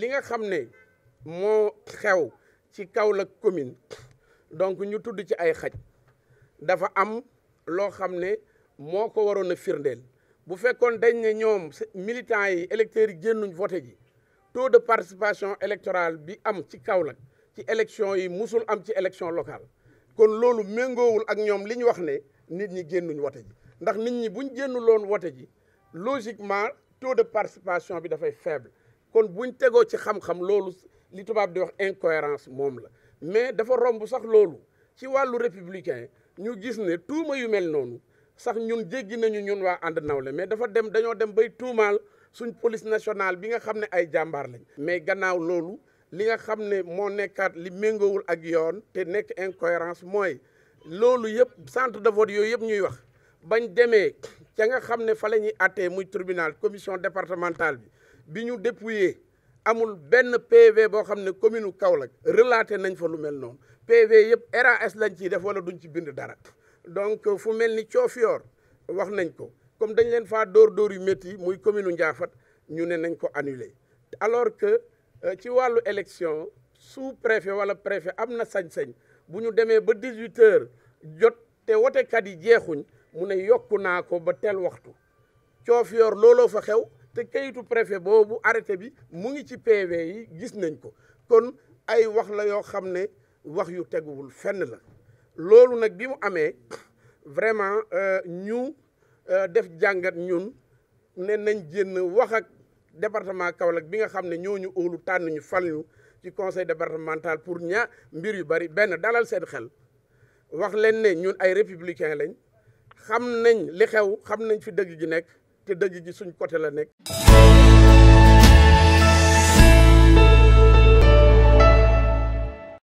li nga xam ne moo xew ci Kaolack commune donc ñu tudd ci ay xaj dafa am loo xam ne moo ko waroon a firndeel bu fekkoon dañ ne ñoom militants yi électeurs yi génnuñ voté ji taux de participation électorale bi am ci Kaolack ci élection yi musul am ci élection locale kon loolu méngoowul ak ñoom li ñu wax ne nit ñi génnuñ wote ji ndax nit ñi buñ génnuloon wote ji logiquement taux de participation bi dafay faible kon bu ñu tegoo ci xam-xam loolu li tubaab di wax incohérence moom la mais dafa romb sax loolu ci wàllu républicain ñu gis ne tuuma yu mel noonu sax ñun jéggi nañu ñun waa ànd nawle mais dafa dem dañoo dem bay tuumaal suñ police nationale bi nga xam ne ay jàmbaar lañ mais gannaaw loolu li nga xam ne moo nekkaat li méngoowul ak yoon te nekk incohérence mooy loolu yëpp centre de vote yooyu yëpp ñuy wax bañ demee ca nga xam ne fa la ñuy attee muy tribunal commission départementale bi bi ñu dépouillé amul benn PV boo xam ne commune Kaolack relaté nañ fa lu mel noonu PV yëpp RAS lañ ciy def wala duñ ci bind dara donc fu mel ni Coofiyoor wax nañ ko comme dañ leen fa dóor dóor yu métti muy commune Ndiafat ñu ne nañ ko annulé alors que euh, ci wàllu élection sous préfet wala préfet am na sañ-sañ bu ñu demee ba 18 heures jot te wotekat yi jeexuñ mu ne yokku naa ko ba tel waxtu Coofiyoor looloo fa xew te kayitu préfet boobu arrêté bi mu ngi ci PV yi gis nañ ko kon ay wax la yoo xam ne wax yu teguwul fenn la loolu nag bi mu amee vraiment euh, ñu euh, def jàngat ñun ne nañ génn wax ak département Kaolack bi nga xam ne ñooñu óolu tànn ñu fal ñu ci conseil départemental pour ñaa mbir yu bari benn dalal seen xel wax leen ne ñun ay républicain lañ xam nañ li xew xam nañ fi dëgg gi nekk te dëgg ji suñ côté la nekk